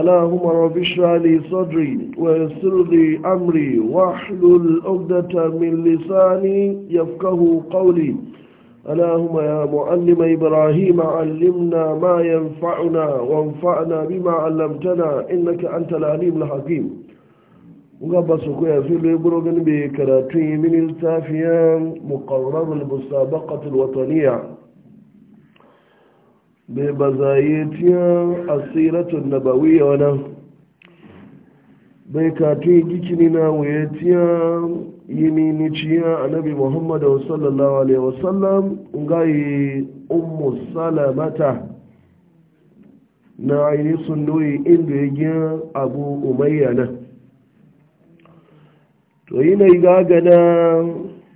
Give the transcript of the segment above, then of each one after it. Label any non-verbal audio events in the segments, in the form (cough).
اللهم رب اشرح لي صدري ويسر لي امري واحلل عقدة من لساني يفقه قولي اللهم يا معلم ابراهيم علمنا ما ينفعنا وانفعنا بما علمتنا انك انت العليم الحكيم ngaba su koya filo ya buro gani bai karatu yi min littafiyan muqarrarul musabaqatul wataniya bai ba zaye tiyan asiratun na bawiya wannan bai kati gikini na waye tiyan yini ni ciya annabi muhammad sallallahu alaihi wasallam ngayi ummu salamata na aini sundoyi inda ya gina abu umayya na to yi na na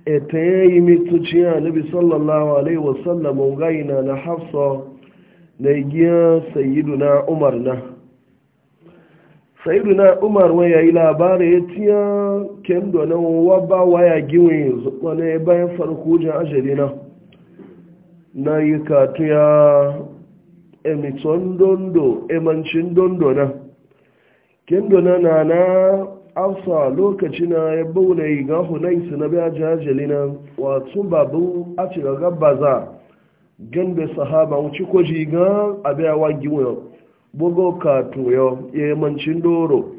etayen yi mitu ciya annabi sallallahu alaihi wasallam ngayi na na hafsa na giya sayiduna umar na sayiduna umar ya yi labarai ya tiya kendo na waba waya giwe wani bayan farko jan ajali na na yi katu ya emiton dondo emancin dondo na kendo na na na afsa lokaci na ya bauna yi gahu na isi na biya jan ajali na wato babu a cikin gabaza ganda sahaba wuce ko jiga abe a wagi wayo bugo ka tuyo ya mancin doro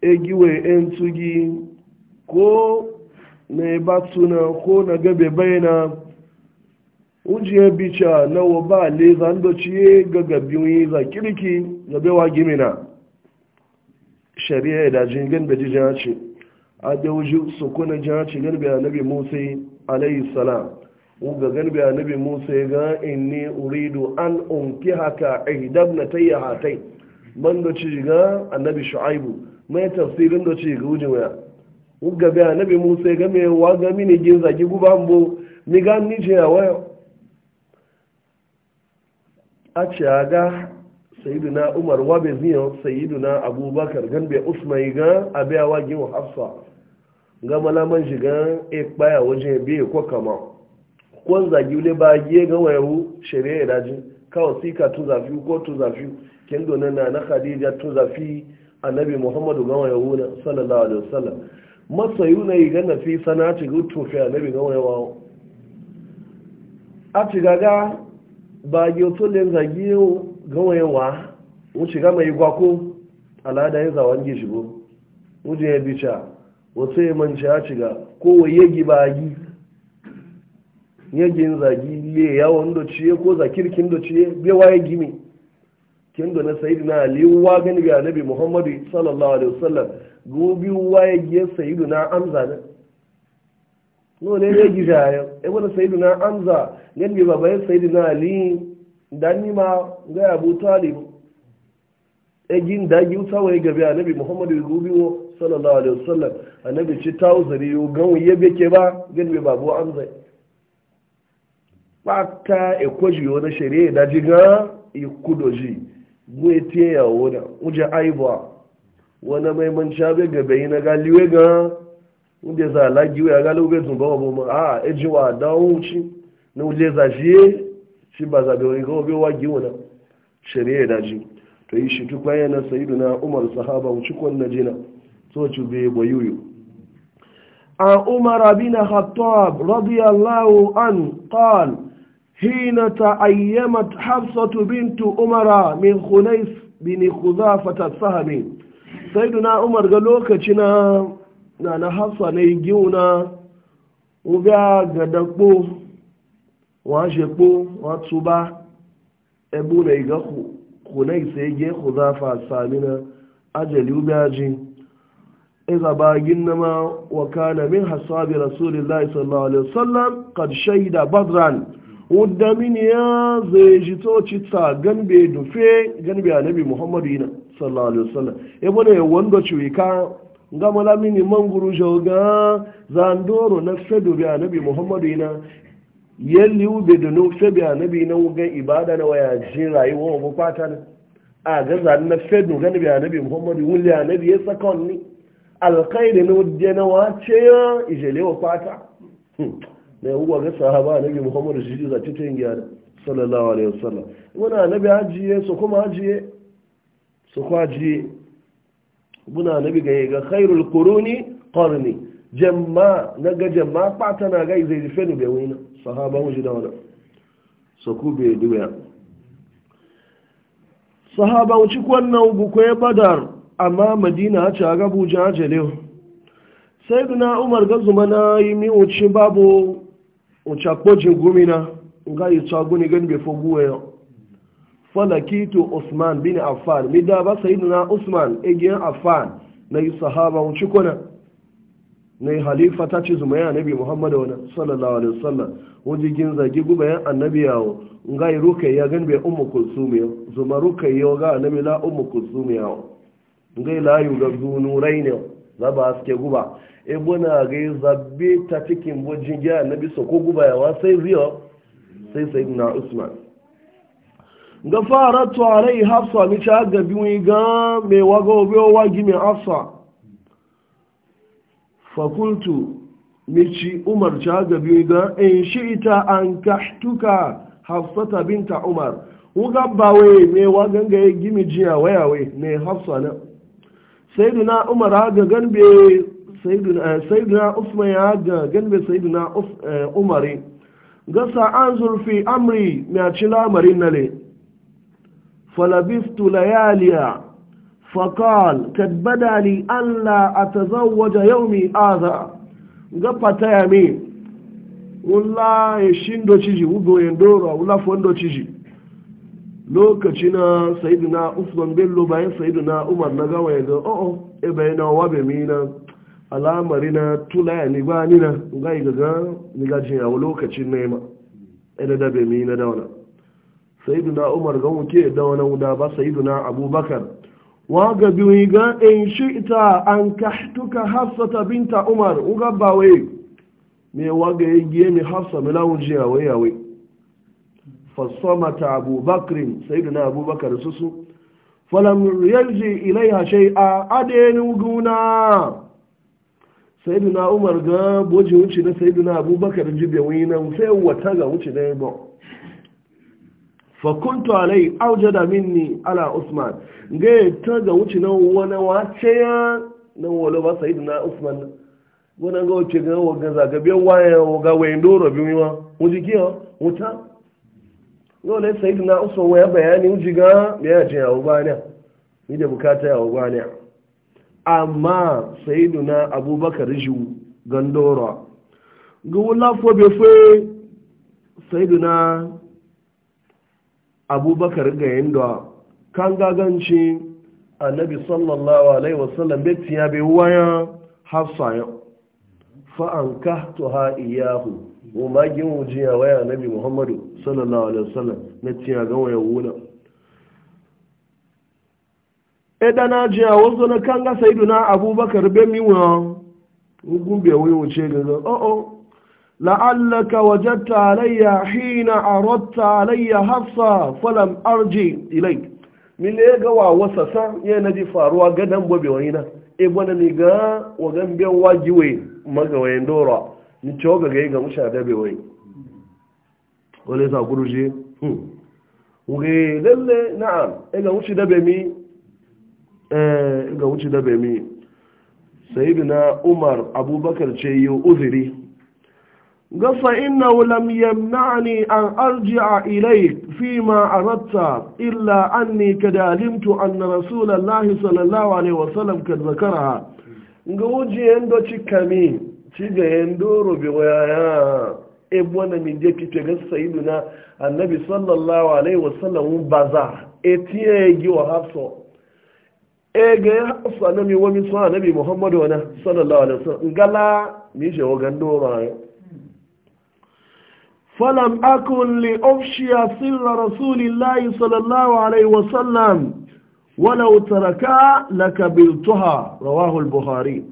e giwe en tugi ko na batuna ko na gabe bayana ujiye bicha na wa ba le zando ciye ga gabin yi za na gabe wagi mina shari'a da jingin da jijin ce a da wuji su kuna jihar ce garbe annabi musa alayhi salam uga galbi annabi musa ya ga inni uridu an unki haka ihdab na tayya hatai ban da ci ga annabi shu'aibu mai tafsirin da ci ga wujin waya uga bi annabi musa ya ga me wa ga mini gin zagi guba mbo mi ga ni je waya a ci ga sayyiduna umar wa be ziyo sayyiduna abubakar ganbe be usman ga abiya wa gin hafsa ga malaman shiga e kpaya wajen biye ko kamar. kwan zagi wule ba giye ga wayawu shari'a ya daji kawo sika tun zafi ko tun zafi kin donan na na khadija tun zafi annabi muhammadu ga wayawu na sallallahu alaihi wasallam masayu na yi gana fi sanati ga tufi annabi ga wayawu a ci gaga ba giyo tun len zagi ga wayawa wuce ga mai gwako alada ya zawon gishigo wuce ya bica wasu ya manci a ci ga kowa yagi ba gi yagin zagi le yawon da ciye ko zakirkin da ciye bewa waye gimi kin da na sayyidina na aliyu wa gani ga nabi muhammadu sallallahu alaihi wasallam gobi waye ya sayyidina na amza na no ne ne gi ya e wani sayyidina na amza ne ne baba ya sayyidina na ali dan ni ma ga abu talib e gin da gi usawa ya gabi nabi muhammadu gobi sallallahu alaihi wasallam annabi ci tawzari yo gan yabe ke ba gani babu amza pata ekoji wani shari'a da jiga ikudoji gwete ya wani wuje aibuwa wani mai manca bai ga bayi na galiwe ga wuje za lagiwe ya galiwe bai zumba wa boma ah, e a eji wa dawon wuci na wuje za shi shi ba za bai wani gawa bai to yi shi tukwa sayidu na umar sahaba wuci kwan na jina so ci bai bayuyu عن عمر بن خطاب رضي الله عنه قال حين تأيمت حفصة بنت أمرا من خنيس بن خذافة الصهمي سيدنا عمر قالوا كتنا نانا حفصة نيجيونا وبيا قدقبو واشقبو واتسوبا ebuna iga kunai sai ge huzafa samina ajali ubiyaji iza bagin nama wa kana min hasabi rasulillahi sallallahu shaida badran wadda ya zai ji toci ta ganbe dufe ganbe annabi muhammadu yana sallallahu alaihi wasallam ya e bane wanda ciwi ka gama la mini manguru shoga zandoro na fedu bi annabi muhammadu yana yalli ube da no fedu annabi na wugan ibada na waya ji rayuwa ko kwata ne a ga zan na fedu ganbe annabi muhammadu wuli annabi ya sakon ni alkhairi na je na wace ya ijele wa fata. Hmm. da ya ga sahaba nabi muhammadu shi ji zaci tun da. sallallahu alaihi wasallam muna nabi ajiye su kuma ajiye? su kuma hajiye muna nabi ga ga khairul quruni qarni jamma na ga jamma fata na ga zai ji fenu be wina sahaba mu ji da wani su ku be duya sahaba mu ci kwannan gu ko badar amma madina ta ga buja Sai duna umar ga zuma na yi mi wuce babu uchapoje gumina nga yichaguni gani befoguweyo falakitu usman bin affan mida ba sayyidina usman egiyan affan na yi sahaba uncikona na yi halifa ta ci zuma ya nabi muhammad wani sallallahu alaihi wasallam wajen gin zagi ya annabi yawo nga yi ruka ya gani be ummu kulsumi zuma ruka yi ga annabi la ummu kulsumi yawo nga yi layu ga zunurai ne za ba haske guba ebona ga zabe ta cikin bujin ya nabi so ko gubayawa sai riyo sai sai na usman ga fara to alai hafsa mi ta ga biwi ga me wago be wagi me hafsa fakultu mici umar ta ga biwi ga in shi'ita an kahtuka hafsata binta umar wuga bawe me wa ga e gimi jiya wayawe ne hafsa na sayyidina umar ga ganbe sayyiduna eh, usman ya ga ganbe sayyiduna eh, umari gasa an zurfi amri mai ci lamarin nale falabistu layaliya fakal kadbada li an la a yau yaumi aza ga fataya mi wula ya shindo ciji wudo ya dora wula fondo ciji lokaci na sayyiduna usman bello bayan saidina umar na gawa ya ga o'o oh, oh, ebe yana wabe mi na al'amari na tulaya ni ba ni na ga yi gaga ni ga jin yawo lokacin nema ina e da mi na dauna sayyiduna umar ga muke da wani da ba sayyiduna abubakar wa ga biyu ga in shi ita an kahtuka hafsata binta umar uga bawe me wa ga yiye mi hafsa mi lawun ji yawo yawo fasamata abubakar sayyiduna abubakar susu falam yarji ilaiha shay'a adenu guna saidu na umar ga boji wuce na saidu na abubakar jibe winan sai wata ga wuce na yabo fakuntu alai auja da minni ala usman ga ta ga wuce na wani wace ya na wala ba na usman wani ga wuce ga waga zagabe waya ga wayan doro bi miwa wuji kiyo wuta dole na usman waya bayani wuji ga me ya je yawo bana ni da bukata yawo bana amma sayiduna abubakar jiwu gandora ga bai fi fe sayiduna abubakar ga yadda kan gaganci annabi sallallahu alaihi wasallam bai tiya bai waya hafsa yau fa'an ka tuha iyahu ma magin wujiya waya annabi muhammadu sallallahu alaihi wasallam na tiya ga wayan wuna edana jiya wasu na kan ga saidu na abubakar be miwa gumbe wai wuce gaga oh oh la'allaka wajadta alayya hina aradta alayya hafsa falam arji ilai min le ga wa wasa sa ya ji faruwa gadan bobe wani na e bona ni ga wa gambe wajiwe maga wayen dora ni choga ga ga musha da be wai wale sa kuruje hmm uge lalle na'am e ga mushi da be mi Eh, ga wuce da bemi na umar abubakar ce yi uziri ga wulam yamna ne an a ilai fi ma ratta, illa an ka da alimtu anna rasulullahi sallallahu alaihi wasallam ka zakara ga wuce yando cikami ci ga yando rubi waya ebu na min je kike ga sayyidina annabi sallallahu alaihi wasallam baza etiye gi wa hafsa ege sana mi wami sana nabi muhammadu wana sallallahu alaihi wasallam gala mi je wogan do ba falam akun li ofshiya sirra rasulillahi sallallahu alaihi wasallam walau taraka lakabiltuha rawahu al-bukhari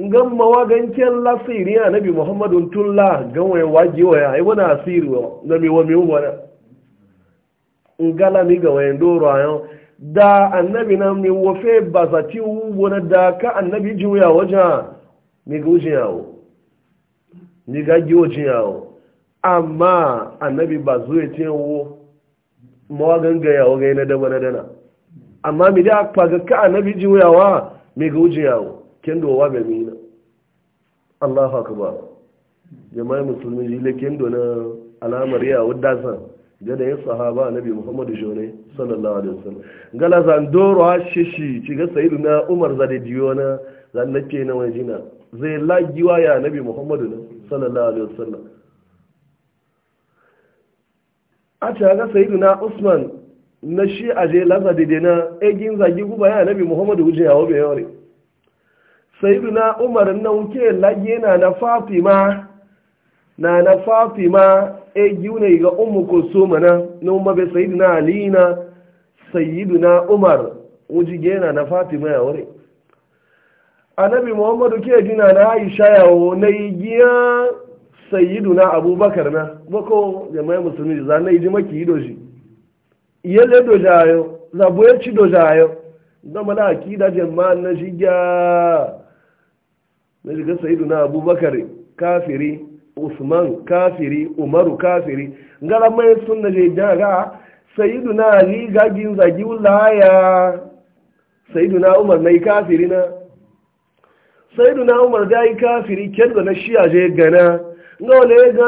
ngam wagan ken la siriya nabi muhammadu tulla ganwe waji waya ai wana asiri wa nabi wami wana ngala mi ga wayan do rayo da annabi na mai wafe ba zati wani da ka annabi juya wajen ni ga wujin yawo ni ga gi yawo amma annabi ba zuwa ce wo mawagan yawo ga yana dama na dana amma mi da faga ka annabi juyawa mi ga wujin yawo Kendo wa mi na Allahu akbar jama'a musulmi jile kendo na alamar yawo dasa gada ya sahaba nabi muhammadu shone sallallahu alaihi wasallam gala zandoro ha shishi ciga sayidu na umar zade diyo na zannake na wani jina zai lagiwa ya nabi muhammadu na sallallahu alaihi wasallam a caga sayidu na usman na shi aje laza dede na egin zagi guba ya nabi muhammadu hujja yawo bai yawari sayidu na umar na wuke lagi na na fatima na na fatima e ga ummu kulsuma na na umma be sayyidina ali na sayyidina umar gena na fatima ya wore annabi muhammadu ke gina na aisha ya yawo na igiya sayyiduna abubakar na bako jama'a musulmi za na iji maki doji yele dojayo zabuye ci dojayo zama na akida jama'a na shiga na shiga sayyiduna abubakar kafiri usman kafiri umaru kafiri ngala mai sunna je daga sayyiduna ali gagin zagi ulaya sayyiduna umar mai kafiri na sayyiduna umar dai kafiri kendo na shiya je gana ngole ga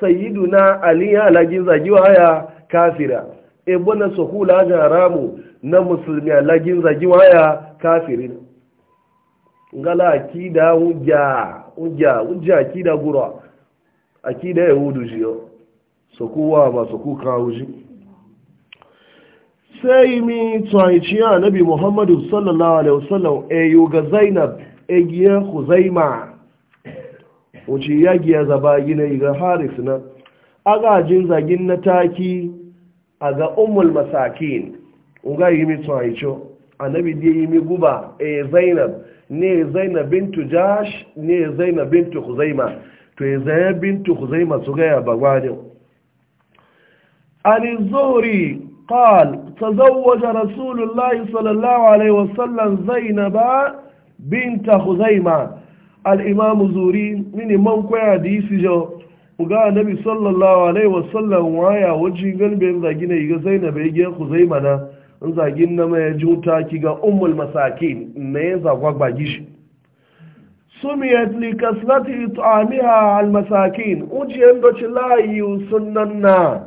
sayyiduna ali ya lagi zagi waya kafira e bona sokula ga haramu na musulmi lagin zagi waya kafiri na ngala akida hujja hujja hujja akida gura akida yahudu jiyo so kuwa ba so ku kawo ji sai mi tsohiciya nabi muhammadu sallallahu alaihi wasallam e yi ga zainab e giya huzaima wuce ya giya zaba gina ga haris na agajin zagin na taki a ga umul masakin ga yi mi a nabi dai yi mi guba e zainab ne zainab bintu jash ne zainab bintu huzaima to yi zaya bintu ku zai masu gaya ba gwajin alizori kal ta zauwaje rasulullah sallallahu alaihi wasallam zainaba binta ku zai ma al’imamu zuri mini man kwaya da yi sijo ga bi sallallahu alaihi wasallam waya wajen galibin zagi na yi iga zainaba ya ku zai mana zagi na mai juta ki ga umul masakin na yin zagwagwagi gishi. sumiyat li kasrati ta'amiha al masakin ujiyen do ci layu sunnan na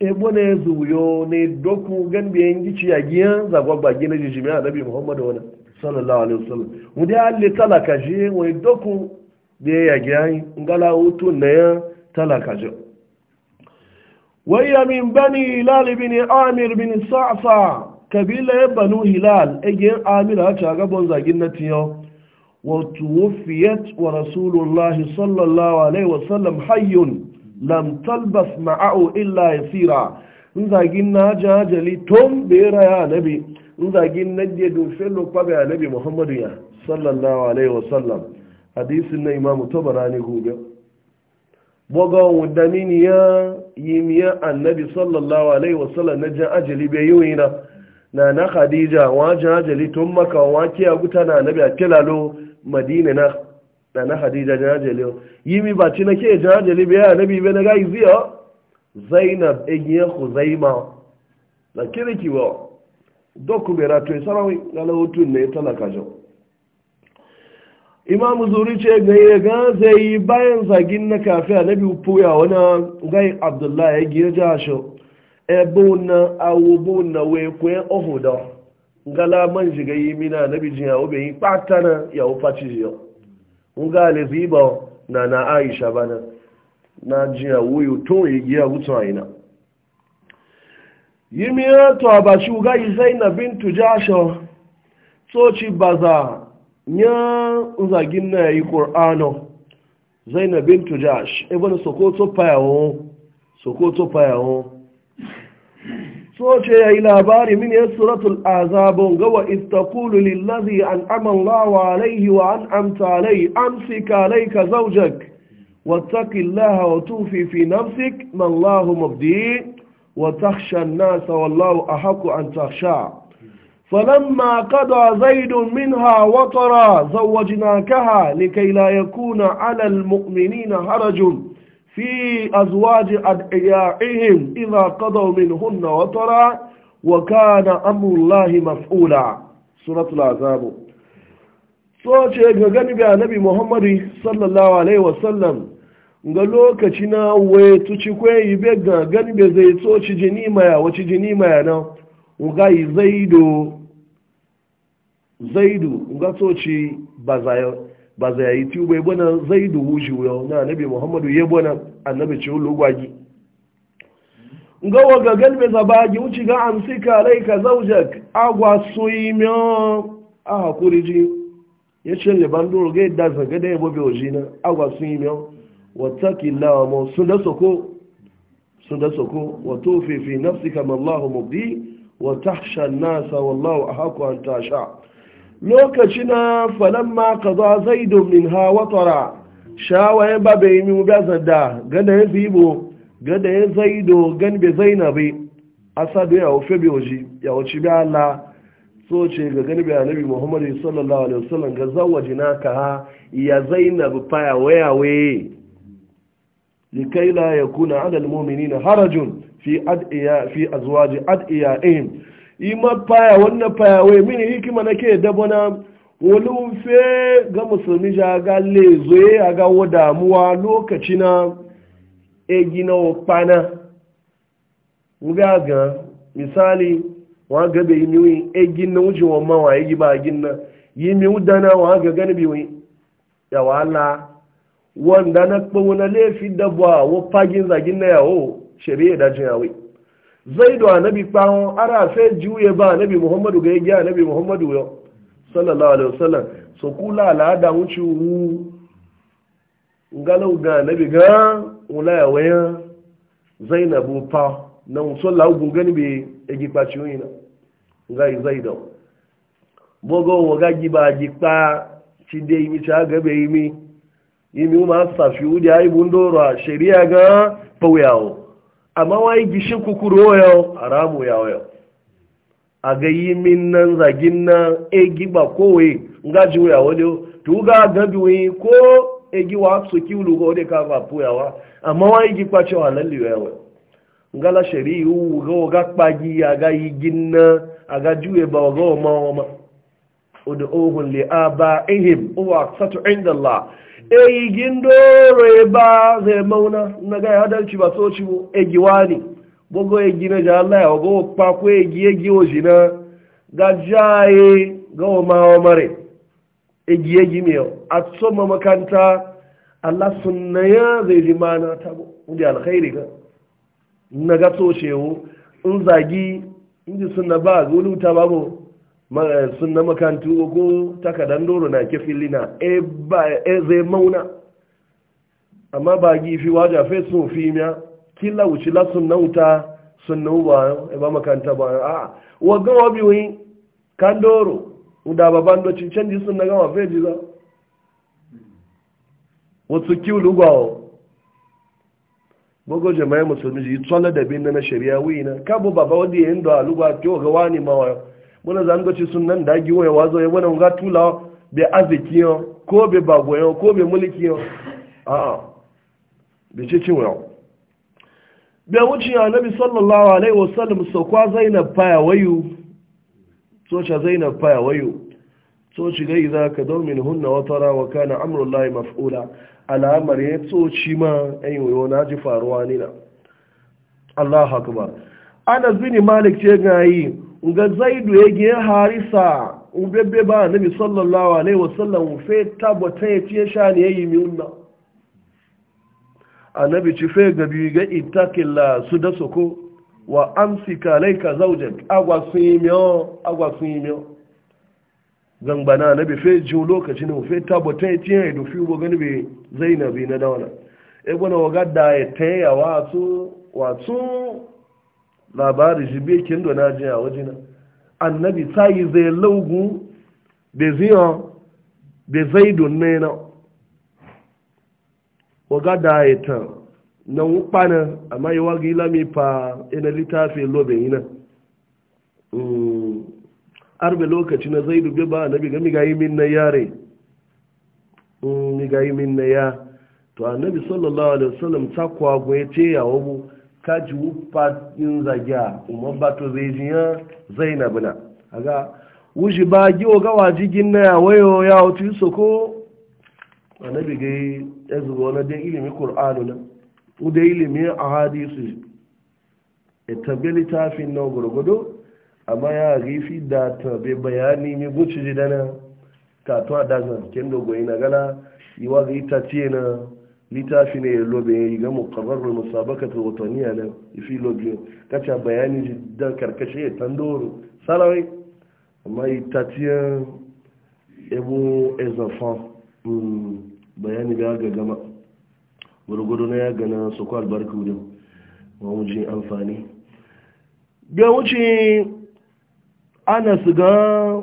ebo ne zuyo ne doku gan biyan gici ya giya zagwa ba gina jijimi a nabi muhammad wani sallallahu alaihi wasallam wudi alli talaka ji wani doku biya ya ngala hutu na ya talaka ji وهي من بني هلال بن عامر بن صعصع كبيلة بنو هلال اجين عامر هاتشا غبون زاجين نتيو وتوفيت ورسول الله صلى الله عليه وسلم حي لم تلبث معه إلا يسيرا إذا قلنا جاج لتم بير يا نبي إذا قلنا جد فلو قبع نبي محمد يا صلى الله عليه وسلم حديث إن إمام تبراني قوبة وقاو الدمين يا يميا النبي صلى الله عليه وسلم نجا أجل بيوينا نانا خديجة واجا أجل تمك واكي أقول تنا نبي أكلا له madina na da na hadija jajele yi mi ba na ke jajele biya na bibe na gai ziyo zainab zaima huzaima da kirki wa doku bera to e sarawi gala hutun ne talaka jo imam zuri ce ga ya ga zai yi bayan zagin na kafi annabi puya wani gai abdullahi ya gije jasho ebe na awubu na kwe ohuda ngala man shiga yi mina na bijin yawo bai yi patana yawo faci jiyo nga le ziba na na aisha bana na jiya wuyu to yi giya gutsun aina yi miya to ba shuga yi zainab bintu jasho tsoci baza nya zagin na yi qur'ano zainab bintu jash ibn e sokoto payawo sokoto payawo سوچه الى yi labari سورة ya suratul اذ تقول للذي lillazi an الله عليه wa عليه أمسك عليك زوجك واتق الله وتوفي في نفسك ما الله مبديه وتخشى الناس والله أحق أن تخشى فلما قضى زيد منها وطرا زوجناكها لكي لا يكون على المؤمنين حرج fi azwaji adiyaihim إذا قضوا منهن وطرا وكان أمر الله amrullahi سورة suratul azab so ce ga محمد صلى annabi muhammadu وسلم ga lokaci na waye tuci kwayi be ga gani be zai so ci jini maya wace jini maya na uga zaido zaidu uga so ci bazayo ba za yi tiyo bai bana zai dubu shi wuyo na annabi muhammadu ya bana annabi ce wulu gwagi gawa ga galbe zabagi wuce ga amsi ka rai ka zaujak agwa soyi miyan a hakuri ji ya ce liban duro ga yadda zaga da yabo bai waje agwa soyi miyan wata kilawa mu sun da soko sun da soko wato fifi nafsi kamar allahu mubdi wa tahsha nasa wallahu a haku an tasha lokaci na falamma kaza zai domin ha watara shawaye ba bai yi mu gaza da gada ya zibo gada ya zai gan be zainabi asadu ya ofe bi oji ya wuce bi ala so ce ga gani bai annabi muhammadu sallallahu alaihi wasallam ga zawaji jina ka ha ya zainab fa ya wayawe likai la kuna adal mominina harajun fi adiya fi azwaji ima faya wannan faya wai mini hikima nake dabona wani fe ga musulmi ja ga lezoye a ga wadamuwa lokaci na egi na opana ga misali wa gabe yi wi egin na wuce wa yi ba gin na yi mi udana wa ga gani wi ya wala wanda na kpawuna laifi dabwa pagin za gin na yawo shari'a dajin yawai zaidu annabi kpawon ara fe juye ba annabi muhammadu ga yagi annabi muhammadu yau sallallahu alaihi wasallam so kula al'ada wuce wu galau ga annabi ga wula ya waya zainabu pa na musola ugun gani bi egi kpaci yi na ga zaidu bogo wo ga giba gipa ti de imi ta ga be imi imi ma safi udi ai bundoro sharia ga pawawo amma wai gishin kukuro yau haramu ya yau a ga yi min nan zagin nan egi ba kowe nga ji wuya wale to ga gabi wi ko egi wa so ki ulu go de ka ba puyawa amma wai gi kwace wa lalli ya yau la shari u go ga kpagi ya ga yi ginna aga juye ba go ma ma ud'uhum li abaihim wa aqsatu inda allah eyi gindoro eba zai mauna na ga ya ba so ci egiwa ne gbogbo egi na ja Allah ya ogo pakwo egi egi oji na ga jaye ga oma mare egi egi ne a tsoma makanta Allah sunna ya zai ji mana ta wanda alkhairi ga na ga so ce in zagi in sunna ba zuluta Eh, sun na makantu ko takadan doro na ke filina e, e zai mauna amma ba gifi waje fe sun fi miya kila wuce la sun na wuta sun na uba e ba makanta ba a ah, wagan wabi wi kan doro da baban do cincin di sun na gama fe ji za wasu kiwu o gogo jama'i musulmi ji tsola da bin na shari'a wina. na kabo baba wadi yin da lugwa ki ga wani mawa bana zango ci sunan da gi ya wazo ya bana nga tula be aziki yo ko be bago yo ko be mulki yo a ah, a be ci cin wayo be wuci nabi sallallahu alaihi wasallam so kwa zainab faya wayu so cha zainab faya wayu so ci ga idza ka daw min hunna wa tara wa kana amru llahi maf'ula al'amar ya so ci ma ayyuwa na ji faruwa ni na Allahu akbar Ana zini Malik ce ga yi nga zaidu ya gina harisa ubebe ba nabi sallallahu alaihi wasallam fe tabbata ya fiye sha ne yi miunna annabi ci fe gabi ga ittaqilla su da ko wa amsi amsika laika zawjak agwa sun yi miyo agwa sun yi miyo fe ji lokacin mu fe tabbata ya fiye da fi bo gani bi zainabi na dawana e bona waga da ya tayawa su wato labari shi bai kin dona je a wajina annabi sai zai laugu be ziyo be zaidun ne na waga da ita na wukpana amma yi wagi lami fa ina littafi lobe ina mm. arbe lokaci na zai be ba annabi ga mi ga yi min na yare mm, mi ga yi min na ya to annabi sallallahu alaihi wasallam takwa gwe ce yawo kaji wufa in zagiya umar bato zai jiya zainabu na aga wuji ba gi gawa wajigin na ya wayo ya otu so ko bi gai ya zuba wani dai ilimi kur'anu na dai ilimi a hadisu. e tabi littafin na gurgudu amma ya rifi da tabi bayani mai guci jidana ka to da kendo goyi na gana yiwa ga ita ce na littafi ne ya lobe ya yi ga mukarrarul musabakata wataniya na ifi lobe kacha bayani ji dan karkashe ya tandoro sarawai amma yi tatiyan ebo ezafan bayani ga gagama, gama gwargwado na ya gana su kwa albarka wudin mawujin amfani ga wuce ana su ga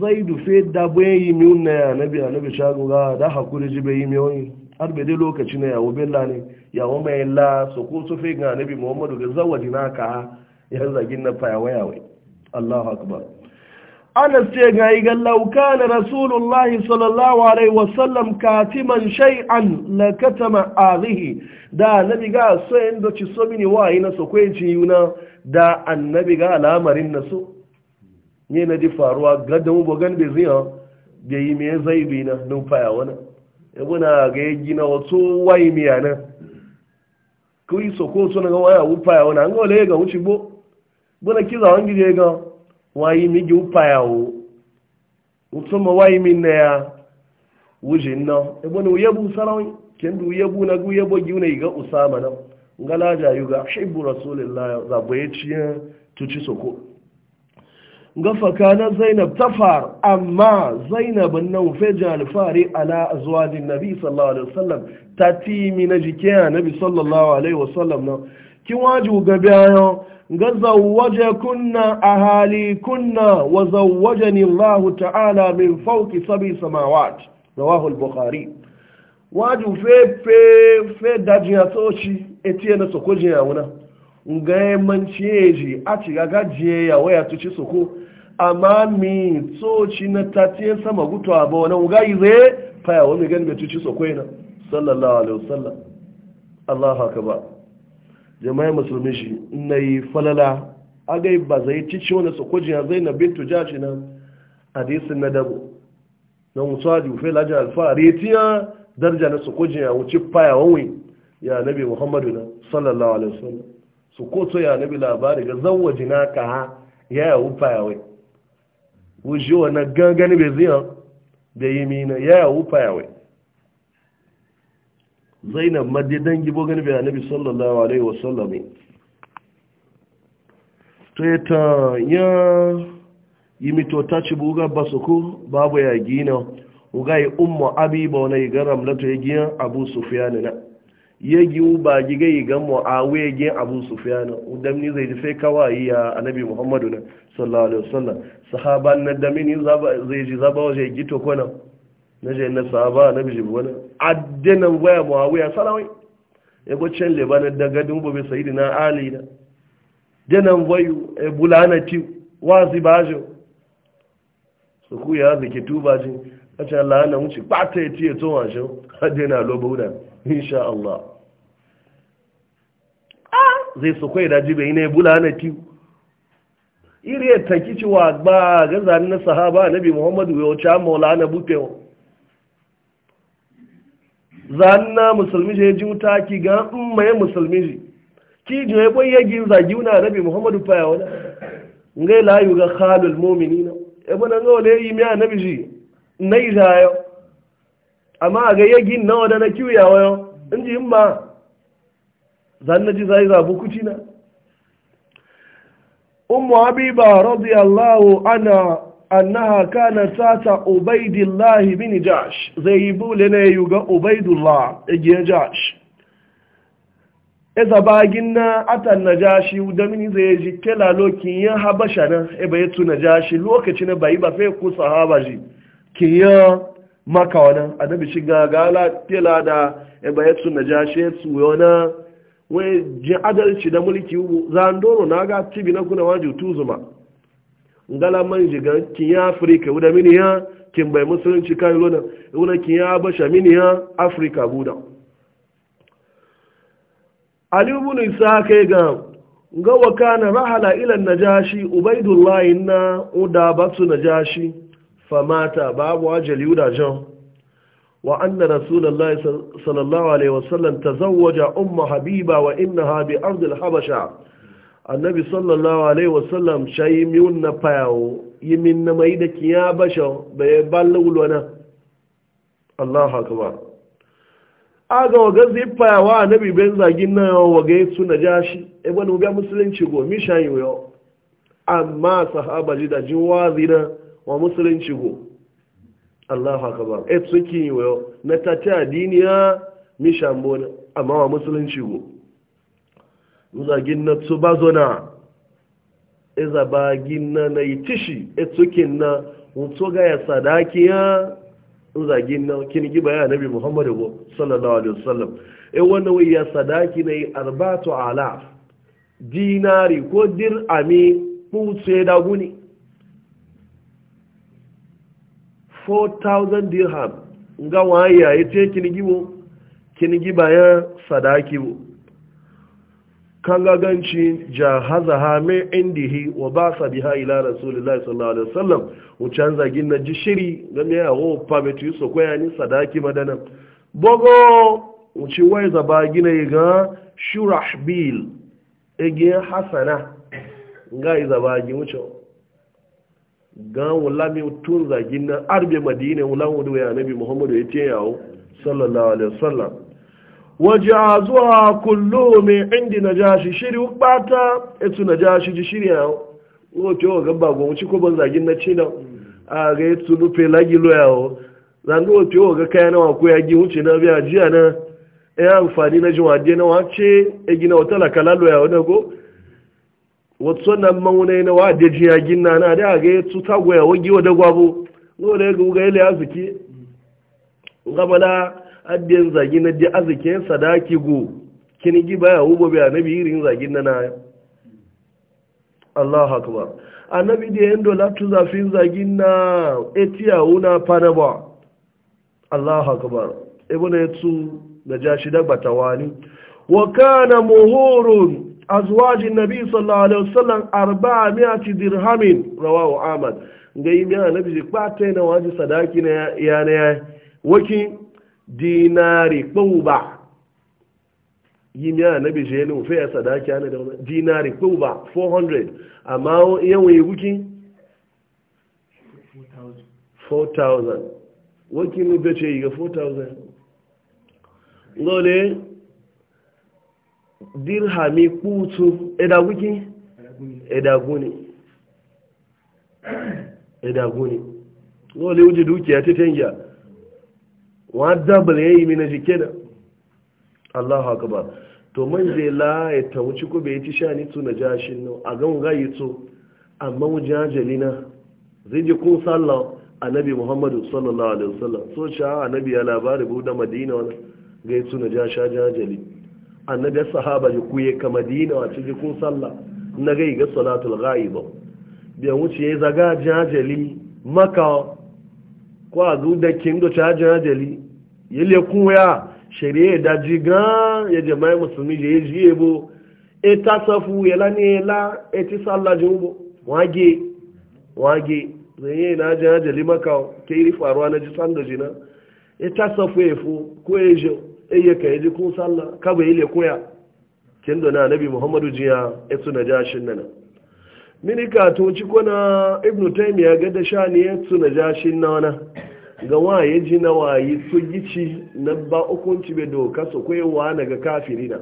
zaidu dufe da bayan yi miyun na ya nabi a nabi shagun ga da hakuri ji bai yi miyoyi har bai dai lokaci na yawo bella ne yawo mai la su ko su fi gane bi muhammadu ga zawaji na ka ya zagi na fayawayawai allahu akbar anas ce ga yi ga lauka na rasulullahi sallallahu alaihi wasallam katiman shay'an la katama azihi da nabi ga so yin da ci so mini wa na so kwai ci yuna da annabi ga al'amarin na so ne na ji faruwa gadan bugan da zai da yi me zai bi na numfaya wani ebuna ga gina wato wai miya nan kuyi soko suna ga waya wupa ya wani an ga wale ga wuce bo buna kiza wangi je ga wayi mi gi wupa ya wo ma wayi min na ya wuce na ebuna uyebu sarawin kendo uyebu na gu yebo gi ne ga usama na ngalaja ja yuga hibbu rasulillahi za boye tuchi soko ga fakana zainab ta faru. amma zainab nan fejin alfari ala a zuwa azwajin nabi sallallahu alaihi wasallam ta timi na jikiya nabi sallallahu alaihi wasallam na kin waju ga bayan ga zawwaje kunna a hali, kunna wa zawwajani Allah ta'ala min fawqi sabi samawat rawahu al-bukhari waju fe fe fe dajin atochi etiye na sokoji ya wuna ngaye manci yeji a ci gaga jiye ya waya tuci soko amma mi tsoci na tatiyan e sama gutu a bawa nan gayi zai faya wani gani ga tuci soko yana e sallallahu alaihi wasallam Allah haka e ba jama'i musulmi shi na yi falala agai ba zai cici wani suku jiya zai na bintu jashi nan hadisin na dabo na musu hadi ufe lajin alfahari tiya darja na suku jiya wuce faya wani ya nabi muhammadu na sallallahu alaihi wasallam su ko so ya nabi labari ga zawaji na ka ha ya ya wufa ya wai wuji na gangani bai ziyan da yi mina ya ya wufa ya wai zainab Madi dangi bo gani bai nabi sallallahu alaihi wasallam to yi ta ya yi mito ta ci buga ba su ku? babu ya gina uga yi umma abi ba wani garam lato ya gina abu ne na ya giwu ba giga yi ga mu'awiyya gen abu sufiyana udam ni zai jife kawai ya annabi muhammadu na sallallahu alaihi wasallam sahaba na dami ni zai ji zaba waje gito kona na je na sahaba na biji wani addana waya mu'awiyya salawai ya ko can leba na daga dubu bai sayi na ali na dinan wayu a e bulana ti wazi bajo su ku ya zaki tuba ji a can lana wuce ba ta yi tiye tsohon (laughs) shi addana lobo na insha Allah ah zai su kai da jibe ne bula na tiyu iri ya taki cewa ba ga zani na sahaba nabi muhammadu ya wuce maula na bufewa zani na musulmi je ji wuta ki ga mm, mai musulmi ji ki ji ya bai yagi zagi na nabi muhammadu fa ya wada ngai layu ga khalul mu'minina ibn e bana ga yi mi annabi ji nai zayo amma ga yagin nawa da na kiwiya wayo in ji zan na ji zai zabu kuci na ummu habiba radiyallahu anha annaha kanat tata ubaidillah bin jash zai bule ne yuga ubaidullah ege jash eza bagin na atan najashi da mini zai ji kela lokin ya habasha na ebe yato jashi lokaci na bayi ba fai ku sahaba ji kiyan maka e wani annabi shiga gala tela da eba ya tsun naja shi jin adalci da mulki ubu zandoro na ga tibi na kuna waju tuzuma ngala man ga kin ya afrika wuda mini ya kin bai musulunci kai lona wuna kin ya basha mini ya afrika buda ali ibn isaak kai ga ngawa kana rahala ila najashi ubaidullah na udabatu najashi famata babu ajali wudajen wa anna rasulullahi sallallahu alaihi wasallam tazawwaja umma habiba wa innaha bi ardil habasha annabi sallallahu alaihi wasallam shayi miyun na fayawo yi min na mai da kiya basha bai balla wulwana Allahu akbar aga wa zai fayawa annabi ben zagin na wa su na jashi e bani mu ga musulunci go mi shayi yo amma sahaba ji da jin wazina wa musulunci go Allahu akbar e yi yo na tata diniya mi shambo amma wa musulunci go muzagin na tsubazona iza ba ginna na itishi e sukin na mutu e, ga ya sadakiya zagin na kin giba ya nabi muhammad go sallallahu alaihi wasallam e wannan wai ya sadaki na yi arbatu alaf dinari ko dir'ami kutse da guni 4,000 dirham ga wani yayi ce kinigi bu kinigi bayan sadaki bu kan gaganci jahaza ha min indihi wa ba sa biha ila rasulullahi sallallahu alaihi wasallam wucan zagin na ji shiri ga me yawo pameti yuso koya ni sadaki madana bogo wuci wai zaba gina ga shurahbil ege hasana ga zaba gin wucin ga wula tun zagin nan arbe madina wula wudu ya nabi muhammadu ya ce yawo sallallahu alaihi wasallam waje a zuwa kullu mai indi na shi shiri bata etu na shi ji shiri yawo ko ke wa gaba gwa ci ko ban zagin na cina a ga etu nufe lagi lo yawo Zan wa ke wa ga kaya nawa ko ya gi wuce na biya jiya na e ya amfani na ji wadiya na wace E gina wata kala lo yawo na go. wato nan mauna na wa da jiya ginna na da ga yato ta goya wagi wa dagwa gwabo. no da ga ga aziki. azuki ngaba da adden zagi na da azuke sadaki go kini gi baya ubo bi annabi irin zagi na na Allahu akbar annabi da yando latu zafin zagi na etiya una fana ba Allahu akbar ibn yatsu najashi da batawani wa kana muhurun azwaji nabi sallallahu alaihi wasallam arba'a mi'ati dirhamin rawahu ahmad ngai mi anabi ji pate na waji sadaki na ya ne waki dinari quba yimi anabi je ne fe sadaki ana da dinari quba 400 amma yawon yi wuki 4000 waki ni bace yi ga 4000 ngole dirhami kutu edagwiki edaguni edaguni wale wuce dukiya ta tanja wa dabala yi mina jike da Allahu akbar to man zai la ya tawuci ko bai ci shani to na jashin no a gan ga yi to amma wujajalina zai je kun sallah annabi Muhammadu sallallahu alaihi wasallam so cha annabi ya labari bu da Madina wannan ga yi to na jasha annabi sahaba ji kuye ka madina wa ci kun sallah na gai ga salatul ghaiba biyan wuce ya zaga jajali maka ko a zuda kin do ta jajali ya le kuya shari'a da jiga ya jama'a musulmi je ji yabo e ta safu ya la ne la e ti sallah ubo wage wage zai na jajali maka ke iri faruwa na ji sanda jina e ta safu fu ko ejo iya ka yaji kun sallah ka bai ile koya kin da na nabi muhammadu jiya ya na jashin nana mini ka to ci kona ibnu taymiya ga da shani etu na jashin nana ga waye ji na wayi su gici na ba hukunci be doka su koyewa daga na.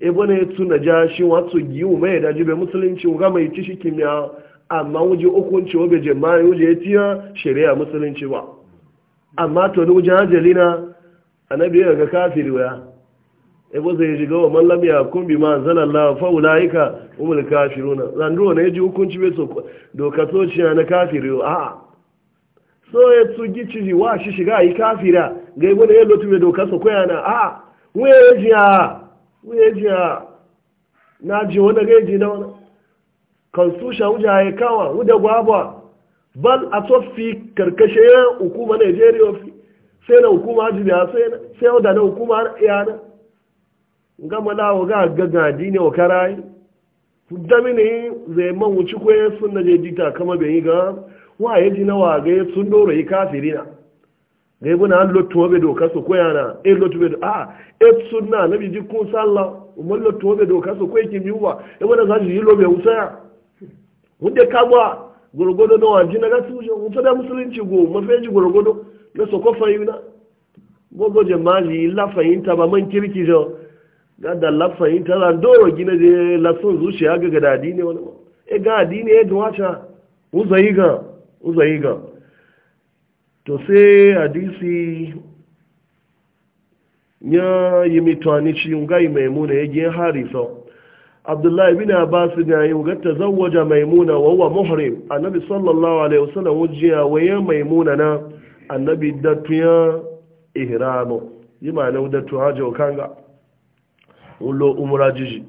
e ya etu na jashin wato giwu mai da jibe musulunci ga mai ci shi kimya amma wuje hukunci wabe jama'i wuje tiya shari'a musulunci ba amma to ne wuje annabi ga kafiri waya E, ebo sai shiga wa mallam ya bi ma zalallah fa ulaika umul kafiruna zandu ne ji hukunci be so doka so ci na kafiri a so ya tsugi ci wa shi shiga yi kafira ga ibo da yelo tume doka so ko yana a we ji a we ji a na ji wanda ga ji na wani. constitution uja ya kawa uda gwabwa bal a tofi karkashe hukumar Najeriya sai na hukuma ji biya sai na sai wadda na hukuma ya na gama na wa ga gagaji ne wa karayi damini zai man wuci ko ya sun na je jita kama bai yi ga wa ya ji na wa ga ya sun doro yi kafiri na ga ibu na an lotu wabe doka su ko yana e lotu bai a e sun na na bi ji kun sallah umar lotu wabe doka su ko yake miwa e wanda za ji yi lobe wusaya wanda kagwa gwargwado na wajen na gasu wuce wuce da musulunci go mafeji gwargwado lo soko fahimna gogo jamaji la fahimta ba man kirki jo ga da la fahimta la doro gina je la sun zuciya ga ga dadi ne wani e ga dadi ne e ga wata uzayi ga uzayi ga to sai hadisi ya yi mitwani ci ngai maimuna ya e gin harisa abdullahi bin abbas na yi ga tazawwaja maimuna wa huwa muhrim annabi sallallahu alaihi wasallam wajiya wa ya maimuna na annabi datuya ihrano yi ma'anar datu hajji wa kanga ulo umra jiji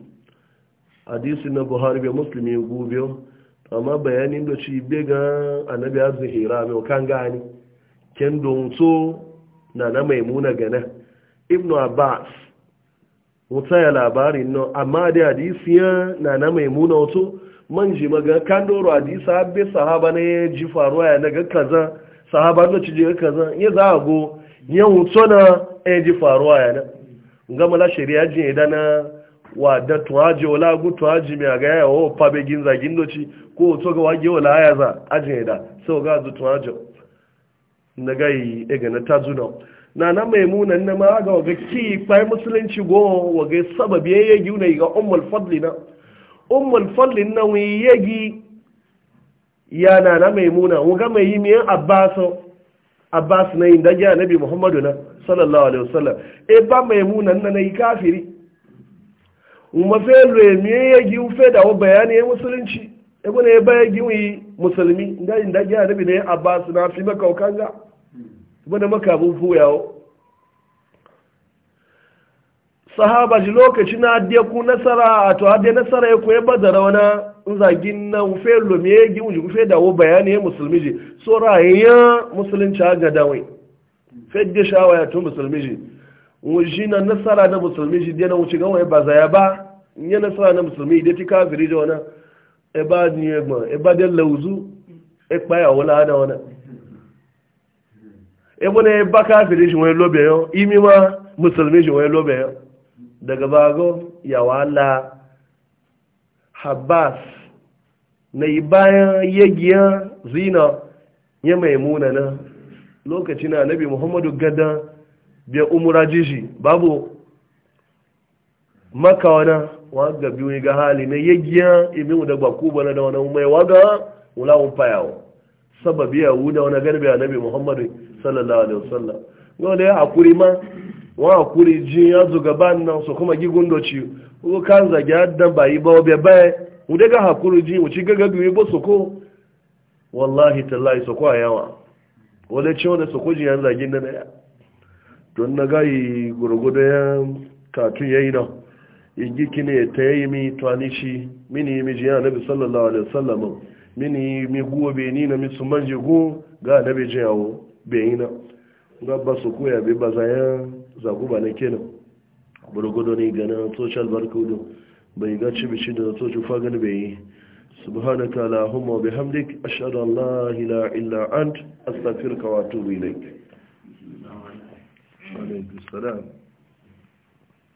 hadisi na buhari bai musulmi gobe amma bayanin da ci bega annabi azin ihrami wa kanga ne ken donso na na maimuna gana ibnu abbas wuta ya labari nan amma da hadisi ya na na maimuna wato man ji maga kan doro hadisa abin sahaba ne ji faruwa ya naga kaza sahaba e da ci jiga kaza ya za a go ya wuto na ya ji faruwa ya nan gama la shari'a jin ya dana wa da tuwaji wala gu tuwaji mai aga ya wa fa ginza gindoci ko wuto ga wage wala ya za ajin ya da sau ga zu tuwaji na gai ega na ta zuna na na maimuna na ma ga waga ki kwai musulunci go waga sababi ya yi ga umar fadli na umar fadli na wi yagi ya na na maimuna wuga mai yi miyan abbaso abbasu na yin dage annabi muhammadu na sallallahu alaihi wasallam e ba maimuna na na yi kafiri umma fe lo e mi ye gi u fe da wo bayani e musulunci e gona e baye gi wi musulmi ngai dage annabi ne abbas na fi maka kanga gona maka bu sahaba ji lokaci na adiya ku nasara a to adiya nasara ya koya rauna wana zagin na wufe lomi ya gi uji ufe dawo bayani ya musulmi ji so rayayya musulunci a gada wai fadda shawa ya tun musulmi ji wujin na nasara na musulmi ji dena wuce gan wai ba zaya ba nye nasara na musulmi idan ti kafiri da wana e ba ni e gbon e ba lauzu ya e pa ya wala da wana e bona e ba kafiri shi wani lobe yau imi ma musulmi shi wani lobe yau daga bago ya wala habas na yi bayan yagiya zina ya maimuna na lokaci na nabi muhammadu gada biya umura jishi babu maka wana waga biyu ga hali na yagiya ibi da bakuba na da wani mai waga wulawun fayawa sababi ya wuda wani garbi a nabi muhammadu sallallahu alaihi wasallam yau ya hakuri ma wa kuri ji ya zuga ban nan su kuma gigun doci ci ko kan zage adda bayi ba be bai mu daga hakuri ji mu ci gaga biyu ba su ko wallahi tallahi su ko yawa wala ci wanda su ko ji yan zage nan da don na gayi gurgudu ya katu yayi na gi kine ta yi mi twanishi mini mi ji ya nabi sallallahu alaihi wasallam mini mi guwa be ni na mi su manje go ga nabi ji yawo be ina ga ba su koya be bazayan zaguba na kenan burgudu ne ganin social barcode bai ga cibici da tocin fagen bai yi subhanaka bi hamdik ashhadu an la ilaha illa ant astaghfiruka wa atubu ilaik